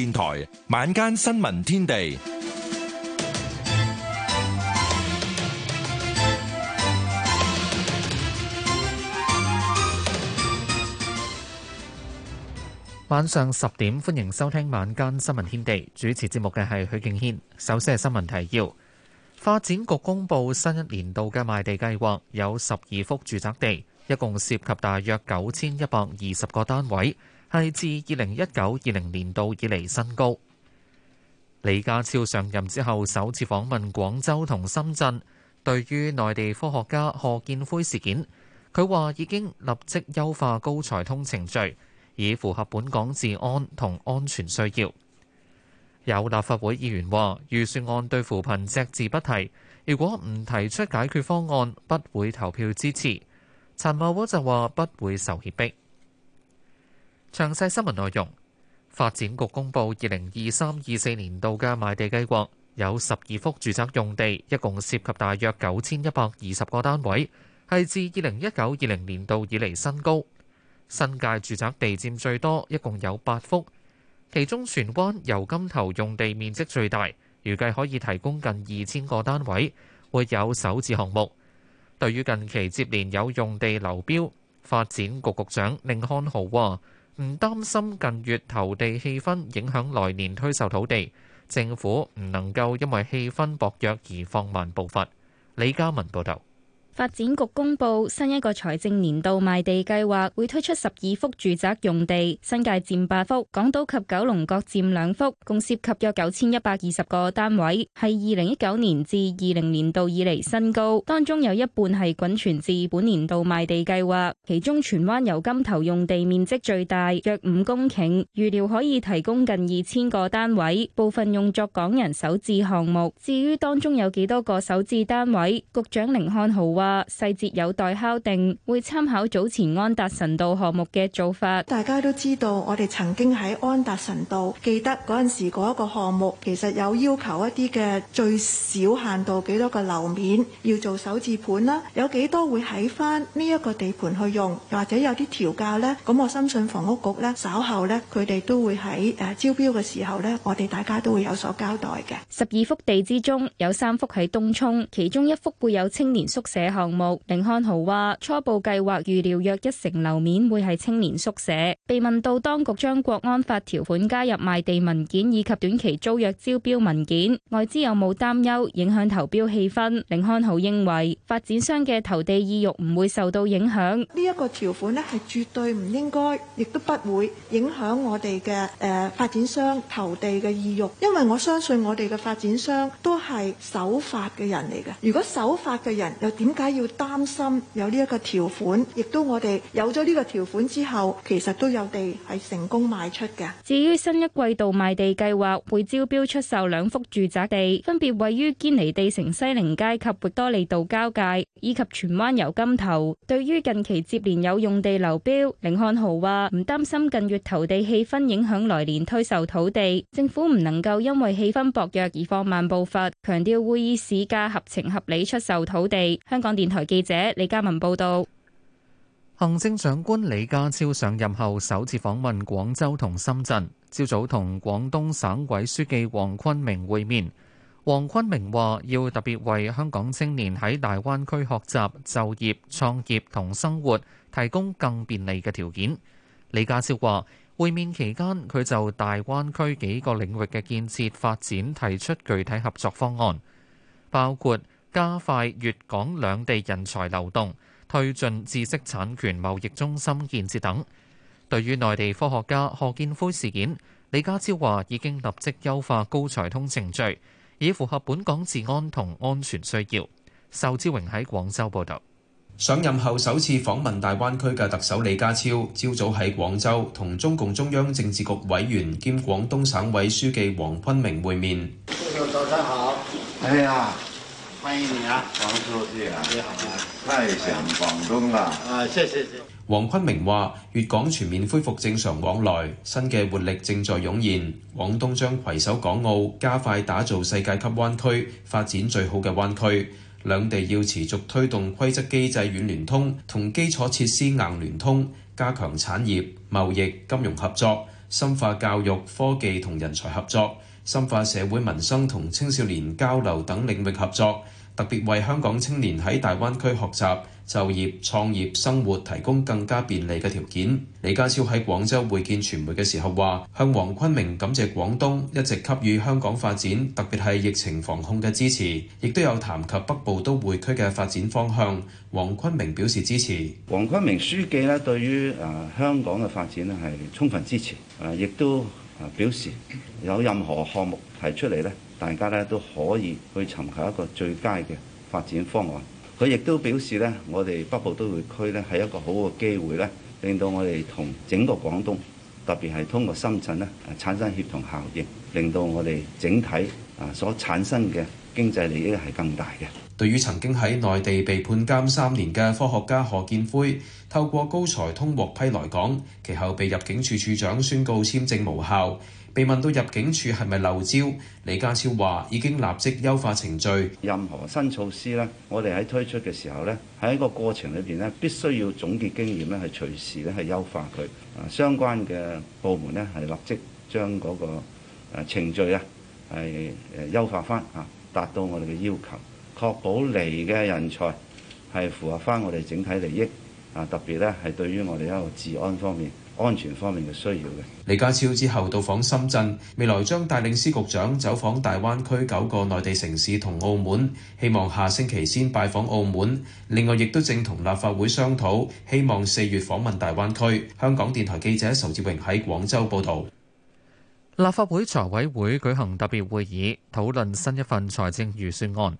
電台晚間新聞天地，晚上十點，歡迎收聽晚間新聞天地。主持節目嘅係許敬軒。首先係新聞提要：發展局公布新一年度嘅賣地計劃，有十二幅住宅地，一共涉及大約九千一百二十個單位。係自二零一九至二零年度以嚟新高。李家超上任之後首次訪問廣州同深圳，對於內地科學家賀建輝事件，佢話已經立即優化高才通程序，以符合本港治安同安全需要。有立法會議員話預算案對扶貧隻字不提，如果唔提出解決方案，不會投票支持。陳茂波就話不會受脅迫。詳細新聞內容，發展局公布二零二三二四年度嘅賣地計劃，有十二幅住宅用地，一共涉及大約九千一百二十個單位，係自二零一九二零年度以嚟新高。新界住宅地佔最多，一共有八幅，其中荃灣油柑頭用地面積最大，預計可以提供近二千個單位，會有首置項目。對於近期接連有用地流標，發展局局長寧漢豪話。唔擔心近月投地氣氛影響來年推售土地，政府唔能夠因為氣氛薄弱而放慢步伐。李嘉文報道。發展局公布新一個財政年度賣地計劃，會推出十二幅住宅用地，新界佔八幅，港島及九龍各佔兩幅，共涉及約九千一百二十個單位，係二零一九年至二零年度以嚟新高。當中有一半係滾存至本年度賣地計劃，其中荃灣油柑頭用地面積最大，約五公頃，預料可以提供近二千個單位，部分用作港人首置項目。至於當中有幾多個首置單位，局長寧漢豪話。細節有待敲定，會參考早前安達臣道項目嘅做法。大家都知道，我哋曾經喺安達臣道記得嗰陣時嗰一個項目，其實有要求一啲嘅最少限度幾多個樓面要做首置盤啦，有幾多會喺翻呢一個地盤去用，或者有啲調教呢。咁我相信房屋局呢，稍後呢，佢哋都會喺誒招標嘅時候呢，我哋大家都會有所交代嘅。十二幅地之中有三幅喺東涌，其中一幅會有青年宿舍。項目，寧漢豪話初步計劃，預料約一成樓面會係青年宿舍。被問到當局將國安法條款加入賣地文件以及短期租約招標文件，外資有冇擔憂影響投標氣氛？寧漢豪認為發展商嘅投地意欲唔會受到影響。呢一個條款呢係絕對唔應該，亦都不會影響我哋嘅誒發展商投地嘅意欲，因為我相信我哋嘅發展商都係守法嘅人嚟嘅。如果守法嘅人又點解？要擔心有呢一個條款，亦都我哋有咗呢個條款之後，其實都有地係成功賣出嘅。至於新一季度賣地計劃會招標出售兩幅住宅地，分別位於堅尼地城西寧街及域多利道交界，以及荃灣油柑頭。對於近期接連有用地流標，甯漢豪話唔擔心近月投地氣氛影響來年推售土地，政府唔能夠因為氣氛薄弱而放慢步伐，強調會以市價合情合理出售土地。香港。香港電台記者李嘉文報道，行政長官李家超上任後首次訪問廣州同深圳，朝早同廣東省委書記黃坤明會面。黃坤明話要特別為香港青年喺大灣區學習、就業、創業同生活提供更便利嘅條件。李家超話會面期間，佢就大灣區幾個領域嘅建設發展提出具體合作方案，包括。加快粵港兩地人才流動，推進知識產權貿易中心建設等。對於內地科學家賀建輝事件，李家超話已經立即優化高才通程序，以符合本港治安同安全需要。仇志榮喺廣州報道。上任後首次訪問大灣區嘅特首李家超，朝早喺廣州同中共中央政治局委員兼廣東省委書記黃坤明會面。早歡迎你啊，黃書記啊，你好！歡迎上廣東啊！啊，謝謝謝。黃坤明話：粵港全面恢復正常往來，新嘅活力正在湧現。廣東將攜手港澳，加快打造世界級灣區，發展最好嘅灣區。兩地要持續推動規則機制軟聯通同基礎設施硬聯通，加強產業、貿易、金融合作，深化教育、科技同人才合作，深化社會民生同青少年交流等領域合作。特別為香港青年喺大灣區學習、就業、創業、生活提供更加便利嘅條件。李家超喺廣州會見傳媒嘅時候話，向黃坤明感謝廣東一直給予香港發展，特別係疫情防控嘅支持，亦都有談及北部都會區嘅發展方向。黃坤明表示支持。黃坤明書記咧，對於誒香港嘅發展係充分支持，誒亦都誒表示有任何項目提出嚟咧。大家咧都可以去尋求一個最佳嘅發展方案。佢亦都表示咧，我哋北部都會區咧係一個好嘅機會咧，令到我哋同整個廣東，特別係通過深圳咧，產生協同效應，令到我哋整體啊所產生嘅經濟利益係更大嘅。對於曾經喺內地被判監三年嘅科學家何建輝，透過高才通獲批來港，其後被入境處處長宣告簽證無效。被問到入境處係咪漏招，李家超話已經立即優化程序。任何新措施呢，我哋喺推出嘅時候呢，喺一個過程裏邊呢，必須要總結經驗呢，係隨時咧係優化佢。相關嘅部門呢，係立即將嗰個程序啊，係誒優化翻啊，達到我哋嘅要求，確保嚟嘅人才係符合翻我哋整體利益啊，特別呢，係對於我哋一個治安方面。安全方面嘅需要嘅。李家超之後到訪深圳，未來將帶領司局長走訪大灣區九個內地城市同澳門，希望下星期先拜訪澳門，另外，亦都正同立法會商討，希望四月訪問大灣區，香港電台記者仇志榮喺廣州報道。立法會財委會舉行特別會議，討論新一份財政預算案。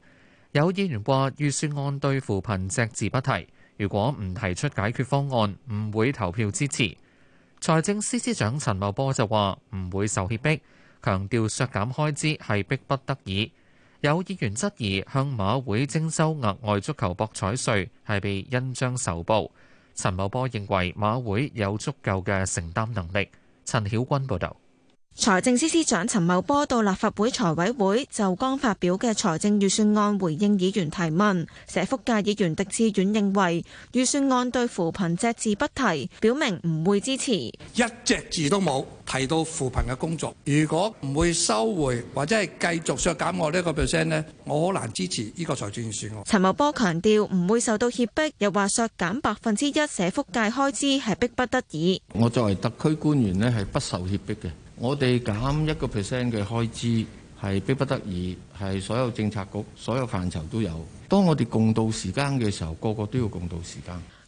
有議員話預算案對扶貧只字不提，如果唔提出解決方案，唔會投票支持。財政司司長陳茂波就話唔會受脅迫，強調削減開支係逼不得已。有議員質疑向馬會徵收額外足球博彩稅係被恩將仇報。陳茂波認為馬會有足夠嘅承擔能力。陳曉君報導。財政司司長陳茂波到立法會財委會，就剛發表嘅財政預算案回應議員提問。社福界議員狄志遠認為預算案對扶貧隻字不提，表明唔會支持。一隻字都冇提到扶貧嘅工作。如果唔會收回或者係繼續削減我、這個、呢一個 percent 呢，我好難支持呢個財政預算案。陳茂波強調唔會受到脅迫，又話削減百分之一社福界開支係逼不得已。我作為特區官員呢係不受脅迫嘅。我哋減一個 percent 嘅開支係迫不得已，係所有政策局、所有範疇都有。當我哋共渡時艱嘅時候，個個都要共渡時艱。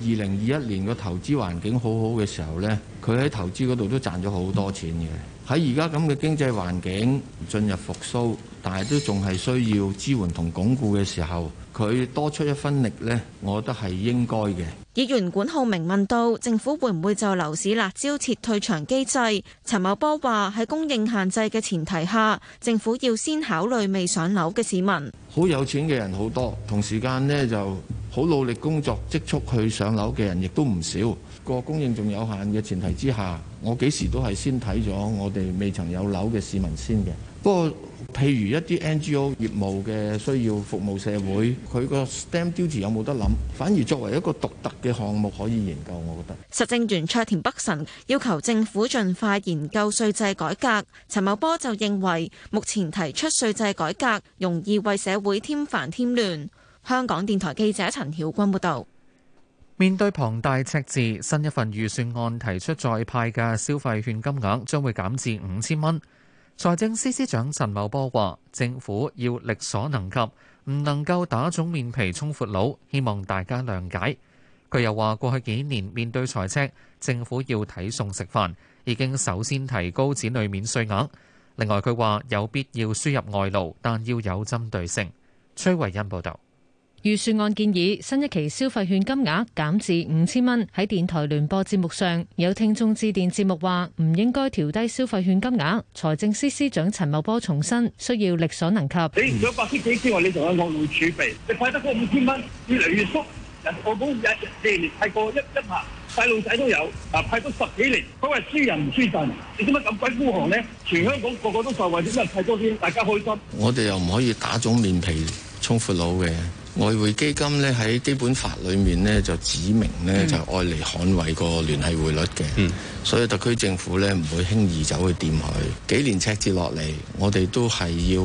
二零二一年個投資環境好好嘅時候呢，佢喺投資嗰度都賺咗好多錢嘅。喺而家咁嘅經濟環境進入復甦，但係都仲係需要支援同鞏固嘅時候，佢多出一分力呢，我覺得係應該嘅。議員管浩鳴問到政府會唔會就樓市辣招撤退場機制？陳茂波話喺供應限制嘅前提下，政府要先考慮未上樓嘅市民。好有錢嘅人好多，同時間呢就，好努力工作積蓄去上樓嘅人，亦都唔少。個供應仲有限嘅前提之下，我幾時都係先睇咗我哋未曾有樓嘅市民先嘅。不過，譬如一啲 NGO 業務嘅需要服務社會，佢個 stamp duty 有冇得諗？反而作為一個獨特嘅項目可以研究，我覺得。實政圓桌田北辰要求政府盡快研究稅制改革。陳茂波就認為，目前提出稅制改革容易為社會添煩添亂。香港電台記者陳曉君報道，面對龐大赤字，新一份預算案提出再派嘅消費券金額將會減至五千蚊。財政司司長陳茂波話，政府要力所能及，唔能夠打腫面皮充闊佬，希望大家諒解。佢又話，過去幾年面對財赤，政府要睇餸食飯，已經首先提高子女免稅額。另外，佢話有必要輸入外勞，但要有針對性。崔維恩報道。預算案建議新一期消費券金額減至五千蚊。喺電台聯播節目上，有聽眾致電節目話唔應該調低消費券金額。財政司司長陳茂波重申，需要力所能及。你唔有百千幾之外，你仲有外匯儲備？你派得嗰五千蚊越嚟越縮。人香港廿四年派過一一下，細路仔都有啊，派多十幾年，嗰個輸人唔輸陣。你做乜咁鬼孤寒呢？全香港個個都受惠，點解派多啲，大家開心？我哋又唔可以打腫面皮充闊佬嘅。外匯基金咧，喺基本法裏面咧，就指明咧、嗯、就愛嚟捍衞個聯繫匯率嘅。嗯所以特區政府咧唔會輕易走去掂佢，幾年赤字落嚟，我哋都係要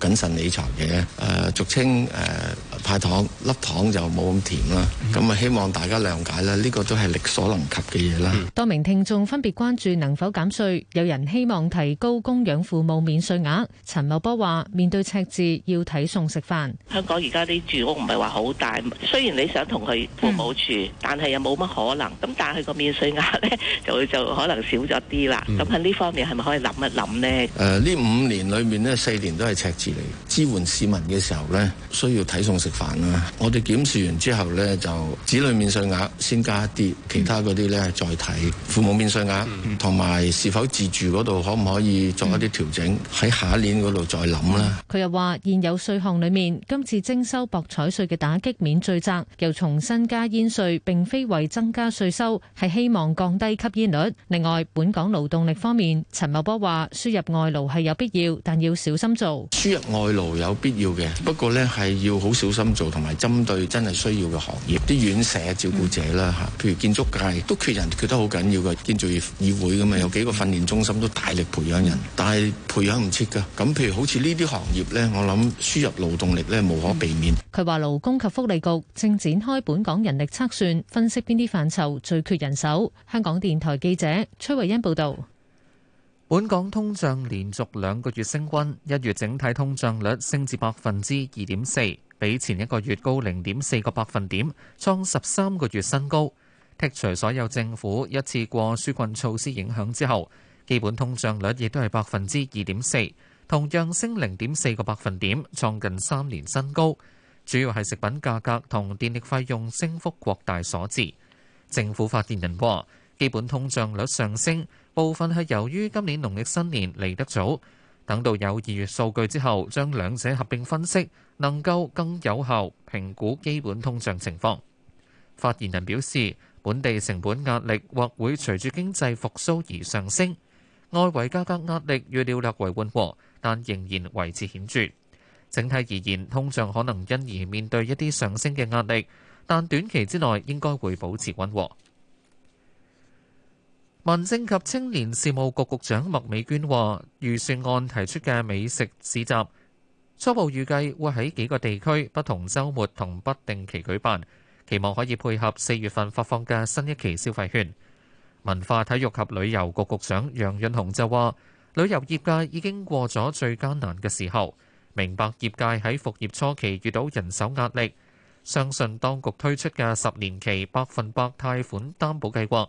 謹慎理財嘅。誒、呃、俗稱誒、呃、派糖，粒糖就冇咁甜啦。咁啊，希望大家諒解啦，呢、這個都係力所能及嘅嘢啦。嗯、多名聽眾分別關注能否減稅，有人希望提高供養父母免稅額，陳茂波話面對赤字，要睇餸食飯，香港而家啲住屋唔係話好大，雖然你想同佢父母住，嗯、但係又冇乜可能。咁但係佢個免稅額咧，就會就。可能少咗啲啦，咁喺呢方面係咪可以諗一諗咧？誒、呃，呢五年裏面呢，四年都係赤字嚟，支援市民嘅時候咧，需要睇餸食飯啦。我哋檢視完之後咧，就子女免稅額先加一啲，其他嗰啲咧再睇父母免稅額同埋、嗯嗯嗯、是否自住嗰度可唔可以作一啲調整？喺下一年嗰度再諗啦。佢、嗯、又話現有稅項裏面，今次徵收博彩稅嘅打擊面最窄，又重新加煙稅，並非為增加稅收，係希望降低吸煙率。另外，本港勞動力方面，陳茂波話輸入外勞係有必要，但要小心做。輸入外勞有必要嘅，不過呢，係要好小心做，同埋針對真係需要嘅行業，啲院舍照顧者啦吓，譬如建築界都缺人，缺得好緊要嘅，建造業議會咁啊，有幾個訓練中心都大力培養人，但係培養唔切噶。咁譬如好似呢啲行業呢，我諗輸入勞動力呢無可避免。佢話勞工及福利局正展開本港人力測算，分析邊啲範疇最缺人手。香港電台記。者崔慧欣報道：本港通脹連續兩個月升温，一月整體通脹率升至百分之二點四，比前一個月高零點四個百分點，創十三個月新高。剔除所有政府一次過紓困措施影響之後，基本通脹率亦都係百分之二點四，同樣升零點四個百分點，創近三年新高。主要係食品價格同電力費用升幅擴大所致。政府發言人話。基本通脹率上升，部分係由於今年農曆新年嚟得早。等到有二月數據之後，將兩者合併分析，能夠更有效評估基本通脹情況。發言人表示，本地成本壓力或會隨住經濟復甦而上升，外圍價格壓力預料略為緩和，但仍然維持顯著。整體而言，通脹可能因而面對一啲上升嘅壓力，但短期之內應該會保持溫和。民政及青年事務局局長麥美娟話：預算案提出嘅美食市集，初步預計會喺幾個地區、不同周末同不定期舉辦，期望可以配合四月份發放嘅新一期消費券。文化體育及旅遊局局長楊潤雄就話：旅遊業界已經過咗最艱難嘅時候，明白業界喺復業初期遇到人手壓力，相信當局推出嘅十年期百分百貸款擔保計劃。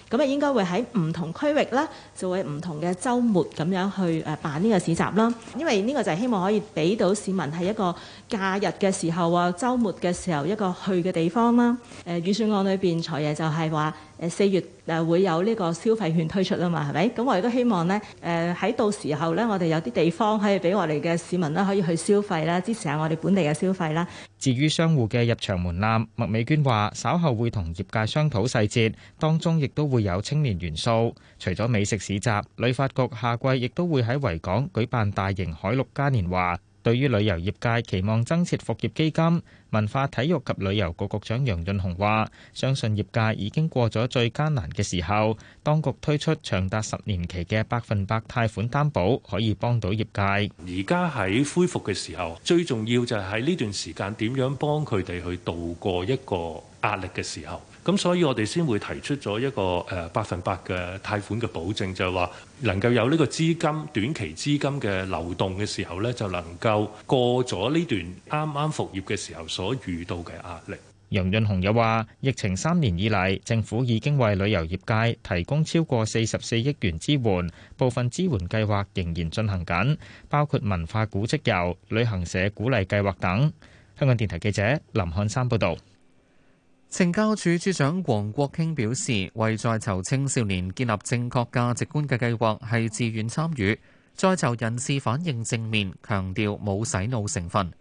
咁啊，應該會喺唔同區域啦，就會唔同嘅週末咁樣去誒辦呢個市集啦。因為呢個就係希望可以俾到市民喺一個假日嘅時候或週末嘅時候一個去嘅地方啦。呃，預算案裏面，財爺就係話，誒四月誒會有呢個消費券推出啦嘛，係咪？咁我亦都希望呢，誒喺到時候呢，我哋有啲地方可以俾我哋嘅市民啦，可以去消費啦，支持下我哋本地嘅消費啦。至於商戶嘅入場門檻，麥美娟話稍後會同業界商討細節，當中亦都會有青年元素。除咗美食市集，旅發局夏季亦都會喺維港舉辦大型海陸嘉年華。對於旅遊業界，期望增設復業基金。文化、體育及旅遊局局長楊潤雄話，相信業界已經過咗最艱難嘅時候，當局推出長達十年期嘅百分百貸款擔保，可以幫到業界。而家喺恢復嘅時候，最重要就喺呢段時間點樣幫佢哋去度過一個壓力嘅時候。咁所以，我哋先會提出咗一個誒百分百嘅貸款嘅保證，就係話能夠有呢個資金短期資金嘅流動嘅時候咧，就能夠過咗呢段啱啱復業嘅時候所遇到嘅壓力，楊潤雄又話：疫情三年以嚟，政府已經為旅遊業界提供超過四十四億元支援，部分支援計劃仍然進行緊，包括文化古蹟遊、旅行社鼓勵計劃等。香港電台記者林漢山報道。懲教署署長黃國興表示，為在囚青少年建立正確價值觀嘅計劃係自願參與，在囚人士反映正面，強調冇洗腦成分。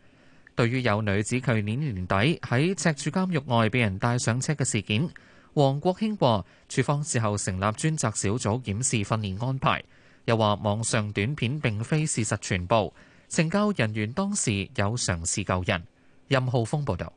對於有女子去年年底喺赤柱監獄外被人帶上車嘅事件，黃國興話：處方事後成立專責小組檢視訓練安排，又話網上短片並非事實全部，懲教人員當時有嘗試救人。任浩峰報導。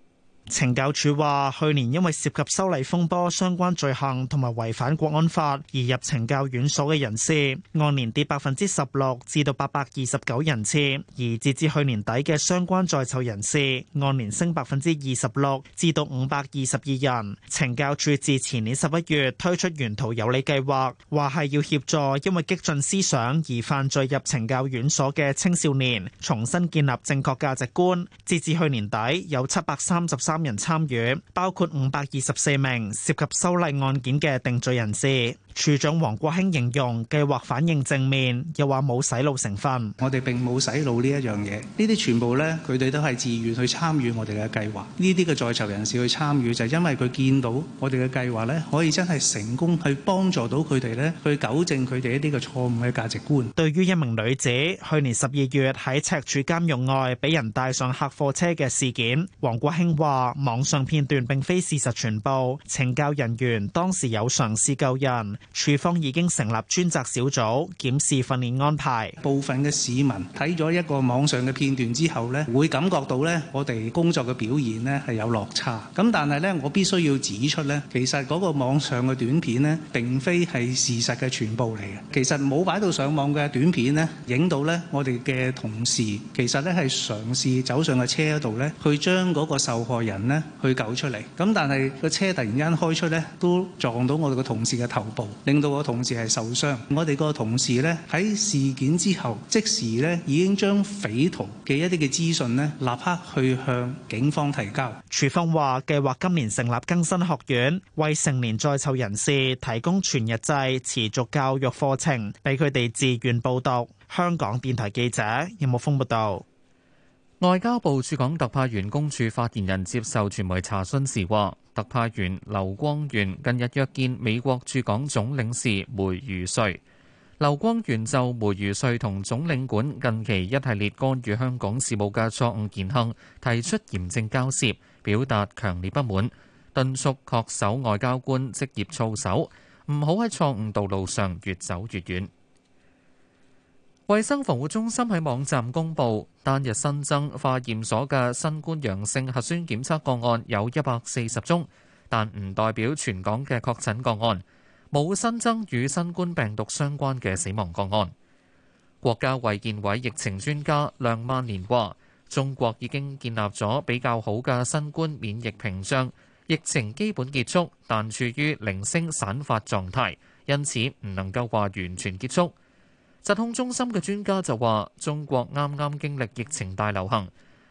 懲教署話，去年因為涉及修例風波相關罪行同埋違反國安法而入懲教院所嘅人士，按年跌百分之十六至到八百二十九人次；而截至去年底嘅相關在囚人士，按年升百分之二十六至到五百二十二人。懲教署自前年十一月推出沿途有你計劃，話係要協助因為激進思想而犯罪入懲教院所嘅青少年，重新建立正確價值觀。截至去年底，有七百三十三、三人參與，包括五百二十四名涉及修例案件嘅定罪人士。署長黃國興形容計劃反應正面，又話冇洗腦成分。我哋並冇洗腦呢一樣嘢，呢啲全部咧，佢哋都係自願去參與我哋嘅計劃。呢啲嘅在囚人士去參與，就係因為佢見到我哋嘅計劃咧，可以真係成功去幫助到佢哋咧，去糾正佢哋一啲嘅錯誤嘅價值觀。對於一名女子去年十二月喺赤柱監獄外俾人帶上客貨車嘅事件，黃國興話網上片段並非事實全部，懲教人員當時有嘗試救人。處方已經成立專責小組檢視訓練安排。部分嘅市民睇咗一個網上嘅片段之後呢，會感覺到呢，我哋工作嘅表現呢係有落差。咁但係呢，我必須要指出呢，其實嗰個網上嘅短片呢，並非係事實嘅全部嚟嘅。其實冇擺到上網嘅短片呢，影到呢，我哋嘅同事其實呢係嘗試走上個車度呢，去將嗰個受害人呢去救出嚟。咁但係個車突然間開出呢，都撞到我哋嘅同事嘅頭部。令到個同事係受傷，我哋個同事咧喺事件之後即時咧已經將匪徒嘅一啲嘅資訊咧立刻去向警方提交。署方話計劃今年成立更新學院，為成年在囚人士提供全日制持續教育課程，俾佢哋自願報讀。香港電台記者任木峯報道。有外交部駐港特派員公署發言人接受傳媒查詢時話，特派員劉光源近日約見美國駐港總領事梅如瑞。劉光源就梅如瑞同總領館近期一系列干預香港事務嘅錯誤言行，提出嚴正交涉，表達強烈不滿，敦促恪守外交官職業操守，唔好喺錯誤道路上越走越遠。衛生防護中心喺網站公布，單日新增化驗所嘅新冠陽性核酸檢測個案有一百四十宗，但唔代表全港嘅確診個案，冇新增與新冠病毒相關嘅死亡個案。國家衛健委疫情專家梁萬年話，中國已經建立咗比較好嘅新冠免疫屏障，疫情基本結束，但處於零星散發狀態，因此唔能夠話完全結束。疾控中心嘅專家就話：中國啱啱經歷疫情大流行，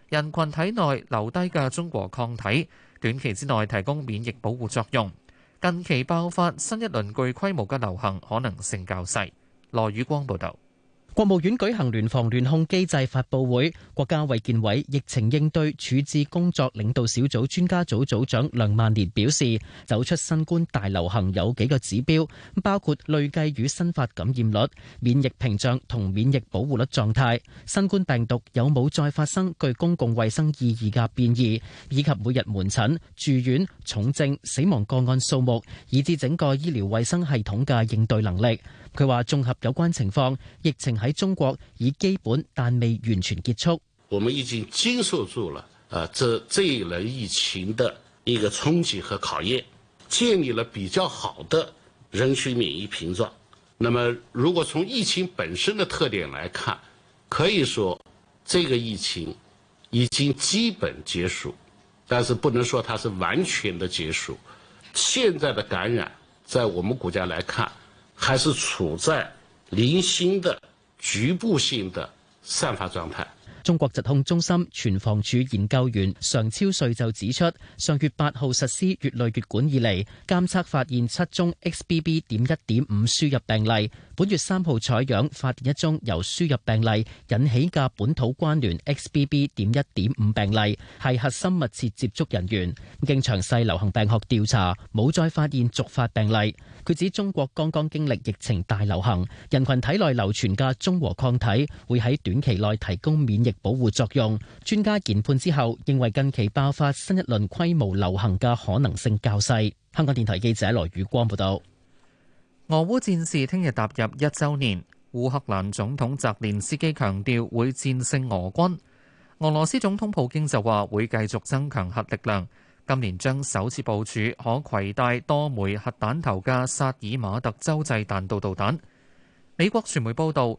人群體內留低嘅中國抗體短期之內提供免疫保護作用，近期爆發新一輪具規模嘅流行可能性較細。羅宇光報道。國務院舉行聯防聯控機制發佈會，國家衛健委疫情應對處置工作領導小組專家組組長梁萬年表示，走出新冠大流行有幾個指標，包括累計與新發感染率、免疫屏障同免疫保護率狀態、新冠病毒有冇再發生具公共衛生意義嘅變異，以及每日門診、住院、重症、死亡個案數目，以至整個醫療衛生系統嘅應對能力。佢話綜合有關情況，疫情喺中國已基本但未完全結束。我們已經經受住了啊，這這一輪疫情的一個衝擊和考驗，建立了比較好的人群免疫屏障。那麼如果從疫情本身的特點來看，可以說這個疫情已經基本結束，但是不能說它是完全的結束。現在的感染，在我們國家來看。還是處在零星的局部性的散發狀態。中國疾控中心傳防處研究員常超瑞就指出，上月八號實施乙類乙管以嚟，監測發現七宗 XBB.1.5 輸入病例，本月三號採樣發現一宗由輸入病例引起嘅本土關聯 XBB.1.5 病例，係核心密切接觸人員。經詳細流行病學調查，冇再發現續發病例。佢指中國剛剛經歷疫情大流行，人群體內流傳嘅中和抗體會喺短期內提供免疫保護作用，專家研判之後認為近期爆發新一輪規模流行嘅可能性較細。香港電台記者羅宇光報道。俄烏戰事聽日踏入一周年，烏克蘭總統澤連斯基強調會戰勝俄軍，俄羅斯總統普京就話會繼續增強核力量，今年將首次部署可攜帶多枚核彈頭嘅薩爾馬特洲際彈道導彈。美國傳媒報道。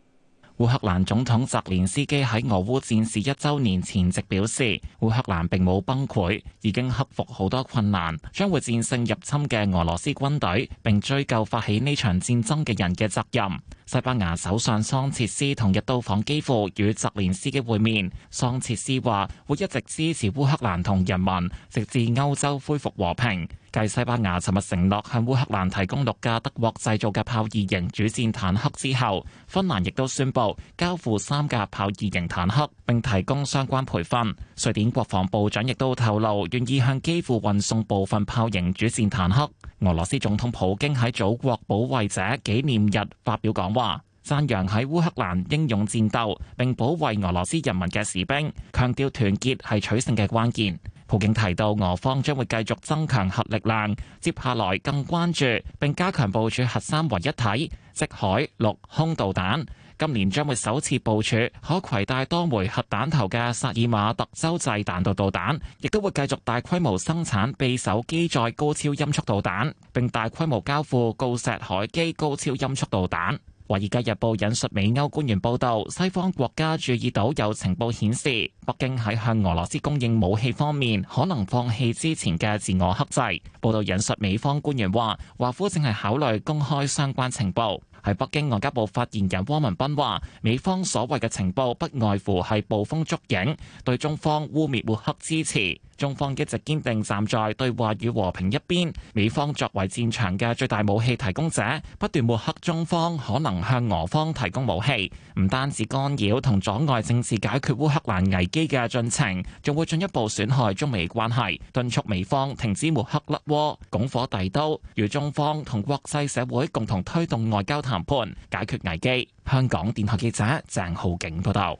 烏克蘭總統澤連斯基喺俄烏戰事一周年前夕表示，烏克蘭並冇崩潰，已經克服好多困難，將會戰勝入侵嘅俄羅斯軍隊，並追究發起呢場戰爭嘅人嘅責任。西班牙首相桑切斯同日到訪基輔與澤連斯基會面，桑切斯話會一直支持烏克蘭同人民，直至歐洲恢復和平。繼西班牙尋日承諾向烏克蘭提供六架德國製造嘅豹二型主戰坦克之後，芬蘭亦都宣布交付三架豹二型坦克，並提供相關培訓。瑞典國防部長亦都透露，願意向基輔運送部分豹型主戰坦克。俄羅斯總統普京喺祖國保衛者紀念日發表講話，讚揚喺烏克蘭英勇戰鬥並保衛俄羅斯人民嘅士兵，強調團結係取勝嘅關鍵。普京提到，俄方將會繼續增強核力量，接下來更關注並加強部署核三位一體、即海陸空導彈。今年將會首次部署可攜帶多枚核彈頭嘅薩爾馬特洲際彈道導彈，亦都會繼續大規模生產匕首機載高超音速導彈，並大規模交付鋯石海基高超音速導彈。《華爾街日報》引述美歐官員報道，西方國家注意到有情報顯示，北京喺向俄羅斯供應武器方面可能放棄之前嘅自我克制。報道引述美方官員話，華府正係考慮公開相關情報。喺北京外交部發言人汪文斌話，美方所謂嘅情報不外乎係捕風捉影，對中方污衊抹黑支持。中方一直堅定站在對話與和平一邊。美方作為戰場嘅最大武器提供者，不斷抹黑中方可能向俄方提供武器，唔單止干擾同阻礙政治解決烏克蘭危機嘅進程，仲會進一步損害中美關係，敦促美方停止抹黑甩鍋、拱火遞刀，與中方同國際社會共同推動外交談判解決危機。香港電台記者鄭浩景報道。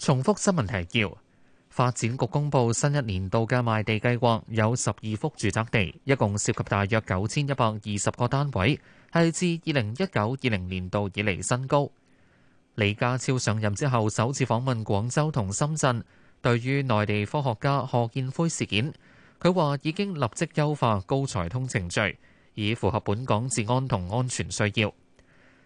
重複新聞提要。發展局公布新一年度嘅賣地計劃，有十二幅住宅地，一共涉及大約九千一百二十個單位，係自二零一九至二零年度以嚟新高。李家超上任之後首次訪問廣州同深圳，對於內地科學家賀建奎事件，佢話已經立即優化高才通程序，以符合本港治安同安全需要。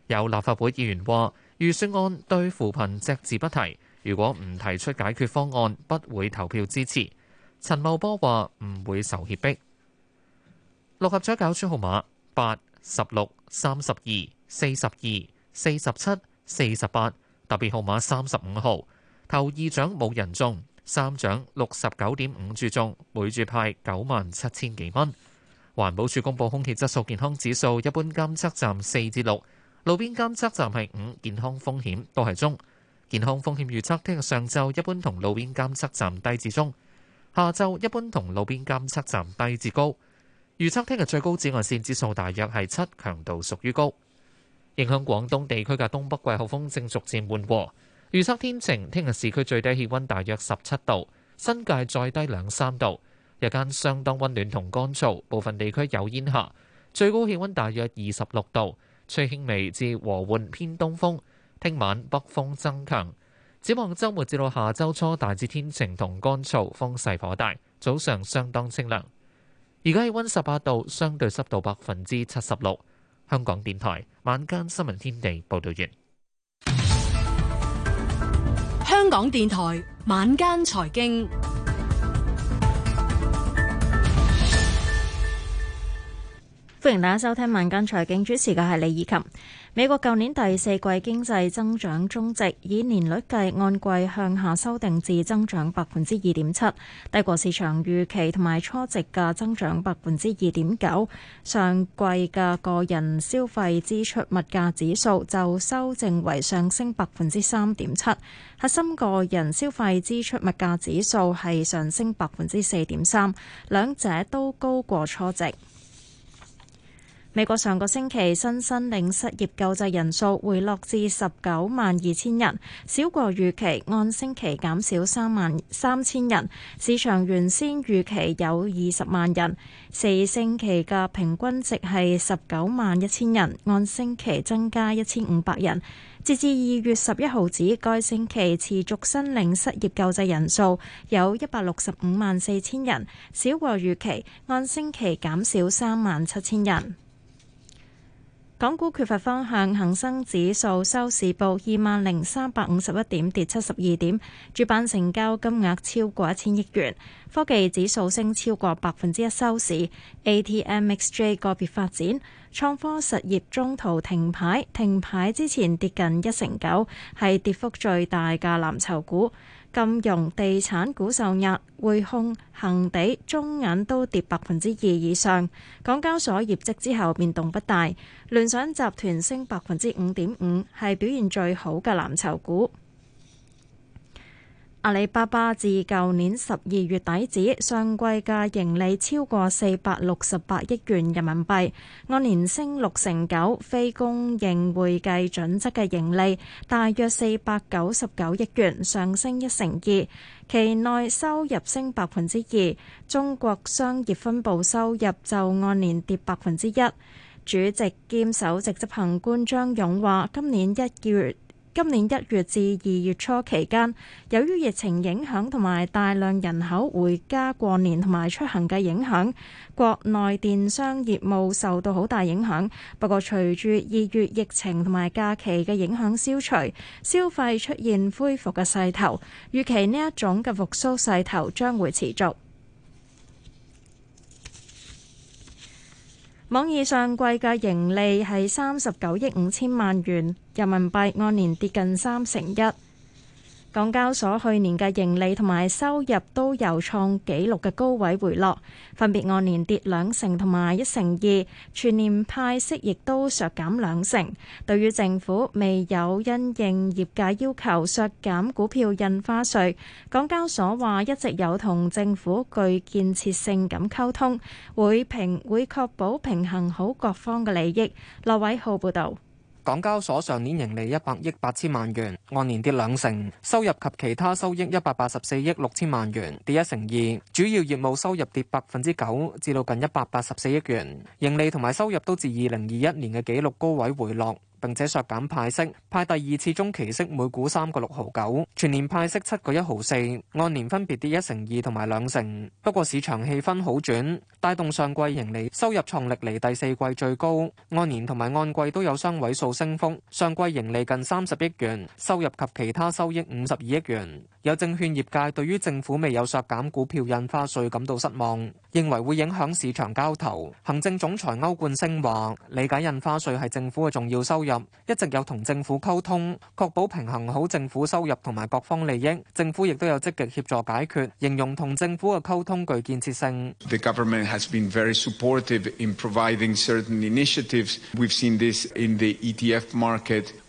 有立法會議員話，預算案對扶貧隻字不提。如果唔提出解決方案，不會投票支持。陳茂波話唔會受脅迫。六合彩攪出號碼八、十六、三十二、四十二、四十七、四十八，特別號碼三十五號。頭二獎冇人中，三獎六十九點五注中，每注派九萬七千幾蚊。環保署公佈空氣質素健康指數，一般監測站四至六，路邊監測站係五，健康風險都係中。健康風險預測，聽日上晝一般同路邊監測站低至中，下晝一般同路邊監測站低至高。預測聽日最高紫外線指數大約係七，強度屬於高。影響廣東地區嘅東北季候風正逐漸緩和。預測天晴，聽日市區最低氣温大約十七度，新界再低兩三度。日間相當温暖同乾燥，部分地區有煙霞。最高氣温大約二十六度，吹輕微至和緩偏東風。聽晚北風增強，展望周末至到下周初，大致天晴同乾燥，風勢頗大，早上相當清涼。而家氣溫十八度，相對濕度百分之七十六。香港電台晚間新聞天地報道完。香港電台晚間財經。歡迎大家收聽《晚間財經》，主持嘅係李以琴。美國舊年第四季經濟增長終值，以年率計，按季向下修訂至增長百分之二點七，低過市場預期同埋初值嘅增長百分之二點九。上季嘅個人消費支出物價指數就修正為上升百分之三點七，核心個人消費支出物價指數係上升百分之四點三，兩者都高過初值。美國上個星期新申領失業救濟人數回落至十九萬二千人，少過預期，按星期減少三萬三千人。市場原先預期有二十萬人，四星期嘅平均值係十九萬一千人，按星期增加一千五百人。截至二月十一號止，該星期持續申領失業救濟人數有一百六十五萬四千人，少過預期，按星期減少三萬七千人。港股缺乏方向，恒生指數收市報二萬零三百五十一點，跌七十二點，主板成交金額超過一千億元。科技指數升超過百分之一收市。A T M X J 個別發展，創科實業中途停牌，停牌之前跌近一成九，係跌幅最大嘅藍籌股。金融、地產股受壓，匯控、恒地、中銀都跌百分之二以上。港交所業績之後變動不大，聯想集團升百分之五點五，係表現最好嘅藍籌股。阿里巴巴自舊年十二月底止，上季嘅盈利超過四百六十八億元人民幣，按年升六成九，非公認會計準則嘅盈利大約四百九十九億元，上升一成二。期內收入升百分之二，中國商業分部收入就按年跌百分之一。主席兼首席執行官張勇話：今年一月。今年一月至二月初期間，由於疫情影響同埋大量人口回家過年同埋出行嘅影響，國內電商業務受到好大影響，不過隨住二月疫情同埋假期嘅影響消除，消費出現恢復嘅勢頭，預期呢一種嘅復甦勢頭將會持續。網易上季嘅盈利係三十九億五千萬元人民幣，按年跌近三成一。港交所去年嘅盈利同埋收入都由創紀錄嘅高位回落，分別按年跌兩成同埋一成二，全年派息亦都削減兩成。對於政府未有因應業界要求削減股票印花稅，港交所話一直有同政府具建設性咁溝通，會平會確保平衡好各方嘅利益。羅偉浩報道。港交所上年盈利一百億八千萬元，按年跌兩成；收入及其他收益一百八十四億六千萬元，跌一成二。主要業務收入跌百分之九，至到近一百八十四億元，盈利同埋收入都自二零二一年嘅紀錄高位回落。並且削減派息，派第二次中期息每股三個六毫九，全年派息七個一毫四，按年分別跌一成二同埋兩成。不過市場氣氛好轉，帶動上季盈利收入創歷嚟第四季最高，按年同埋按季都有雙位數升幅。上季盈利近三十億元，收入及其他收益五十二億元。有證券業界對於政府未有削減股票印花稅感到失望，認為會影響市場交投。行政總裁歐冠升話：理解印花稅係政府嘅重要收入。一直有同政府溝通，確保平衡好政府收入同埋各方利益。政府亦都有積極協助解決，形容同政府嘅溝通具建設性。The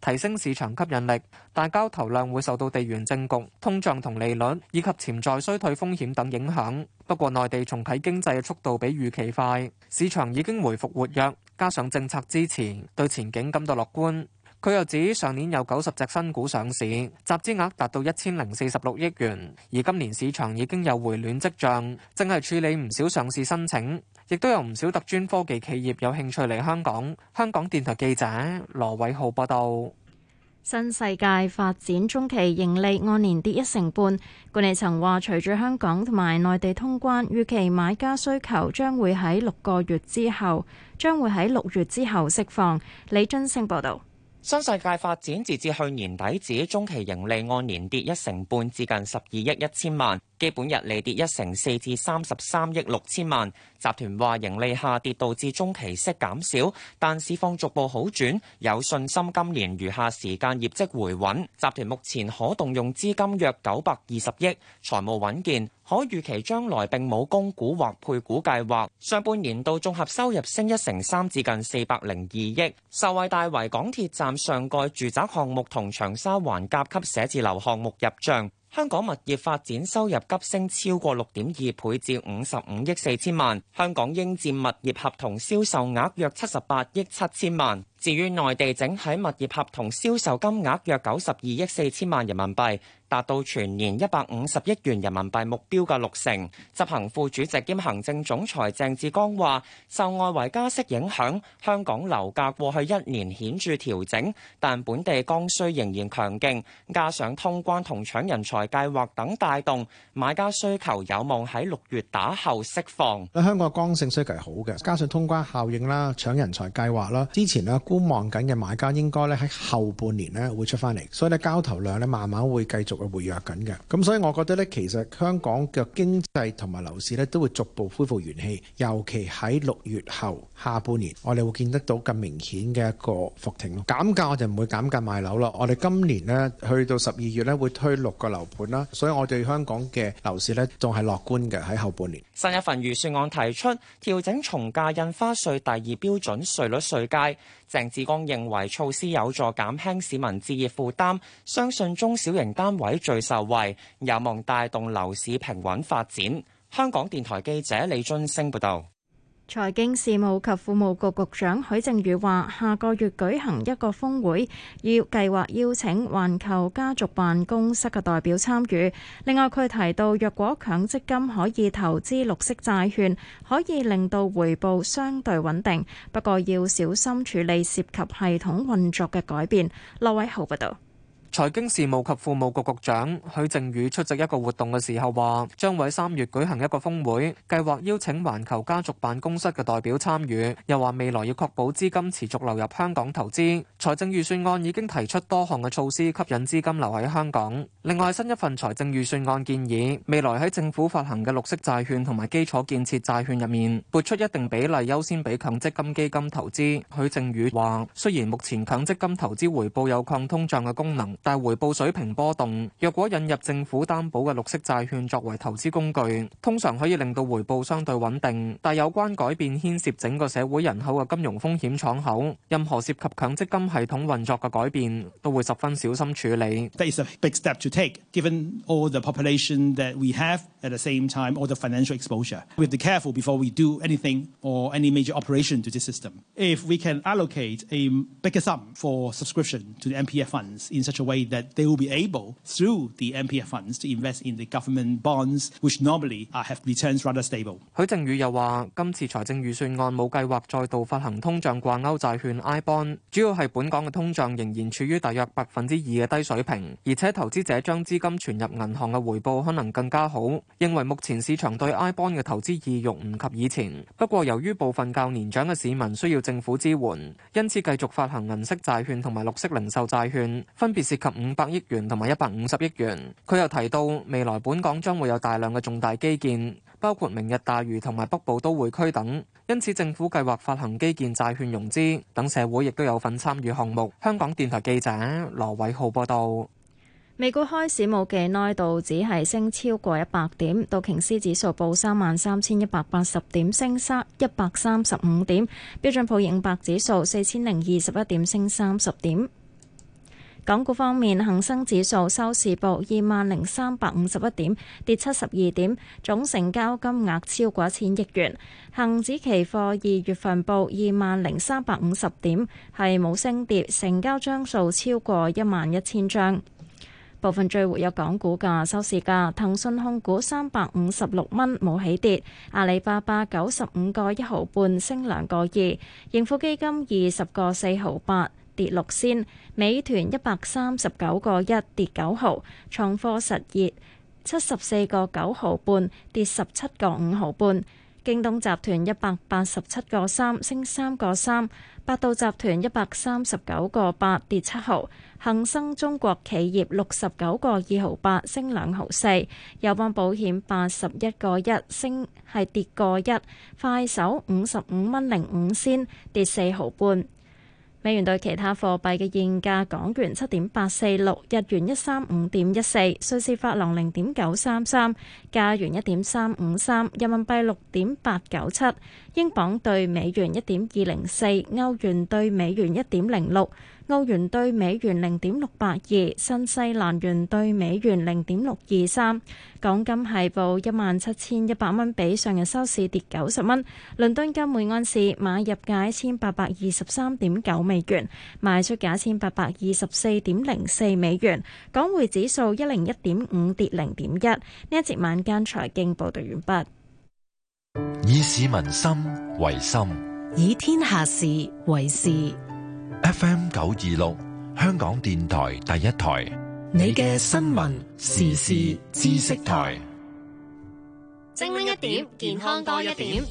提升市場吸引力，但交投量會受到地緣政局、通脹同利率以及潛在衰退風險等影響。不過，內地重啟經濟嘅速度比預期快，市場已經回復活躍，加上政策支持，對前景感到樂觀。佢又指上年有九十隻新股上市，集資額達到一千零四十六億元，而今年市場已經有回暖跡象，正係處理唔少上市申請。亦都有唔少特專科技企業有興趣嚟香港。香港電台記者羅偉浩報道。新世界發展中期盈利按年跌一成半，管理層話：隨住香港同埋內地通關，預期買家需求將會喺六個月之後，將會喺六月之後釋放。李津升報道。新世界發展直至去年底止，中期盈利按年跌一成半，至近十二億一千萬。基本溢利跌一成四，至三十三億六千萬。集團話盈利下跌導致中期息減少，但市況逐步好轉，有信心今年餘下時間業績回穩。集團目前可動用資金約九百二十億，財務穩健，可預期將來並冇供股或配股計劃。上半年度綜合收入升一成三，至近四百零二億，受惠大圍港鐵站上蓋住宅項目同長沙灣甲級寫字樓項目入帳。香港物業發展收入急升，超過六點二倍至五十五億四千萬。香港應佔物業合同銷售額約七十八億七千萬。至於內地整體物業合同銷售金額約九十二億四千萬人民幣。達到全年一百五十億元人民幣目標嘅六成。執行副主席兼行政總裁鄭志剛話：受外圍加息影響，香港樓價過去一年顯著調整，但本地剛需仍然強勁。加上通關同搶人才計劃等帶動，買家需求有望喺六月打後釋放。香港嘅剛性需求係好嘅，加上通關效應啦、搶人才計劃啦，之前咧觀望緊嘅買家應該咧喺後半年咧會出返嚟，所以咧交投量咧慢慢會繼續。會回弱緊嘅，咁所以我覺得咧，其實香港嘅經濟同埋樓市咧都會逐步恢復元氣，尤其喺六月後下半年，我哋會見得到更明顯嘅一個復停。咯。減價我就唔會減價賣樓咯，我哋今年呢，去到十二月咧會推六個樓盤啦，所以我對香港嘅樓市咧仲係樂觀嘅喺後半年。新一份預算案提出調整重價印花稅第二標準稅率稅階。鄭志剛認為措施有助減輕市民置業負擔，相信中小型單位最受惠，有望帶動樓市平穩發展。香港電台記者李俊升報道。財經事務及庫務局局長許正宇話：下個月舉行一個峰會，要計劃邀請環球家族辦公室嘅代表參與。另外，佢提到若果強積金可以投資綠色債券，可以令到回報相對穩定，不過要小心處理涉及系統運作嘅改變。羅偉豪報道。財經事務及庫務局局長許正宇出席一個活動嘅時候話，將會三月舉行一個峰會，計劃邀請環球家族辦公室嘅代表參與。又話未來要確保資金持續流入香港投資。財政預算案已經提出多項嘅措施吸引資金留喺香港。另外，新一份財政預算案建議，未來喺政府發行嘅綠色債券同埋基礎建設債券入面撥出一定比例優先俾強積金基金投資。許正宇話，雖然目前強積金投資回報有抗通脹嘅功能。但係回報水平波動，若果引入政府擔保嘅綠色債券作為投資工具，通常可以令到回報相對穩定。但有關改變牽涉整個社會人口嘅金融風險敞口，任何涉及強積金系統運作嘅改變都會十分小心處理。that they will be able through the MPF funds to invest in the government bonds, which normally have returns rather stable. 許正宇又話，今次財政預算案冇計劃再度發行通脹掛鈎債券 iBond，主要係本港嘅通脹仍然處於大約百分之二嘅低水平，而且投資者將資金存入銀行嘅回報可能更加好。認為目前市場對 iBond 嘅投資意欲唔及以前。不過由於部分較年長嘅市民需要政府支援，因此繼續發行銀色債券同埋綠色零售債券，分別是及五百億元同埋一百五十億元。佢又提到，未來本港將會有大量嘅重大基建，包括明日大嶼同埋北部都會區等。因此，政府計劃發行基建債券融資，等社會亦都有份參與項目。香港電台記者羅偉浩報道。美股開市冇幾耐，道只係升超過一百點，道瓊斯指數報三萬三千一百八十點，升三一百三十五點；標準普爾五百指數四千零二十一點，升三十點。港股方面，恒生指數收市報二萬零三百五十一點，跌七十二點，總成交金額超過一千億元。恒指期貨二月份報二萬零三百五十點，係冇升跌，成交張數超過一萬一千張。部分最活躍港股嘅收市價：騰訊控股三百五十六蚊冇起跌，阿里巴巴九十五個一毫半升兩個二，盈富基金二十個四毫八，跌六仙，美團一百三十九個一跌九毫，創科實業七十四個九毫半跌十七個五毫半，京東集團一百八十七個三升三個三，百度集團一百三十九個八跌七毫，恒生中國企業六十九個二毫八升兩毫四，友邦保險八十一個一升係跌個一，快手五十五蚊零五仙跌四毫半。美元兌其他貨幣嘅現價：港元七點八四六，日元一三五點一四，瑞士法郎零點九三三，加元一點三五三，人民幣六點八九七，英鎊對美元一點二零四，歐元對美元一點零六。歐元兌美元零點六八二，新西蘭元兌美元零點六二三。港金係報一萬七千一百蚊，比上日收市跌九十蚊。倫敦金每安士買入價一千八百二十三點九美元，賣出價一千八百二十四點零四美元。港匯指數一零一點五，跌零點一。呢一節晚間財經報道完畢。以市民心為心，以天下事為事。FM 九二六，香港電台第一台，你嘅新聞時事知識台，精靈一點，健康多一點，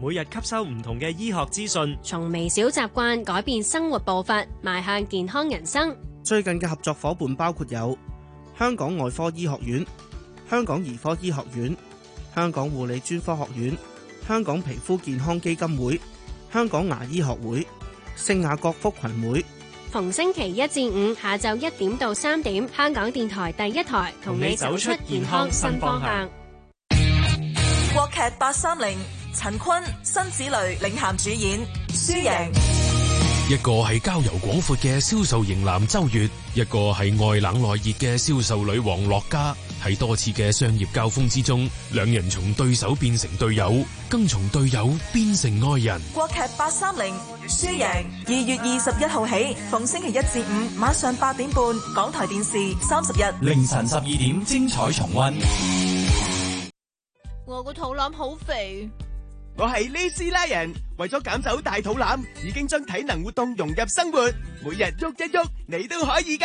每日吸收唔同嘅醫學資訊，從微小習慣改變生活步伐，邁向健康人生。最近嘅合作伙伴包括有香港外科醫學院、香港兒科醫學院、香港護理專科學院、香港皮膚健康基金會。香港牙醫學會、聖雅各福群會，逢星期一至五下晝一點到三點，香港電台第一台同你走出健康新方向。方向國劇八三零，陳坤、辛芷蕾領銜主演。輸贏，一個係交遊廣闊嘅銷售型男周月，一個係外冷內熱嘅銷售女王樂嘉。喺多次嘅商業交鋒之中，兩人從對手變成隊友，更從隊友變成愛人。國劇八三零輸贏，二月二十一號起，逢星期一至五晚上八點半，港台電視三十日凌晨十二點，精彩重溫。我個肚腩好肥。我係 Lisa 人，為咗減走大肚腩，已經將體能活動融入生活，每日喐一喐，你都可以噶。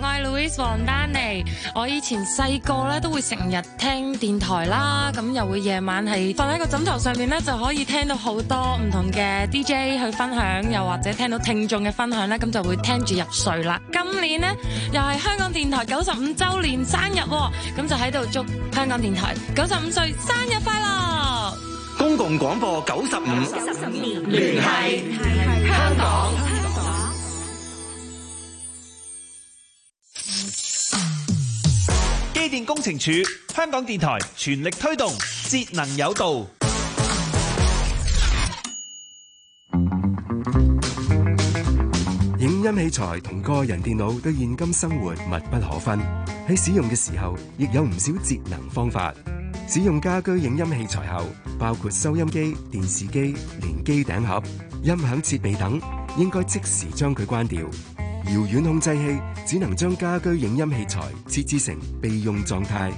我係 Louis 王丹妮。我以前細個咧都會成日聽電台啦，咁又會夜晚係瞓喺個枕頭上面咧就可以聽到好多唔同嘅 DJ 去分享，又或者聽到聽眾嘅分享咧，咁就會聽住入睡啦。今年咧又係香港電台九十五周年生日，咁就喺度祝香港電台九十五歲生日快樂，公共廣播九十五年聯繫香港。工程署、香港電台全力推動節能有道。影音器材同個人電腦對現今生活密不可分，喺使用嘅時候亦有唔少節能方法。使用家居影音器材後，包括收音機、電視機、連機頂盒、音響設備等，應該即時將佢關掉。遙遠控制器只能將家居影音器材設置成備用狀態。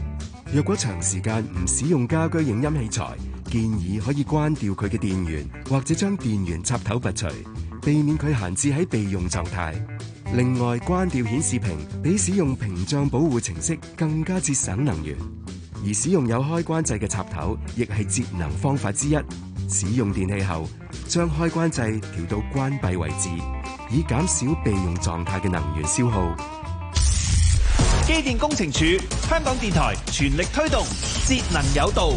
若果長時間唔使用家居影音器材，建議可以關掉佢嘅電源，或者將電源插頭拔除，避免佢閒置喺備用狀態。另外，關掉顯示屏比使用屏障保護程式更加節省能源。而使用有開關掣嘅插頭，亦係節能方法之一。使用電器後，將開關掣調到關閉位置，以減少備用狀態嘅能源消耗。機電工程署、香港電台全力推動節能有道。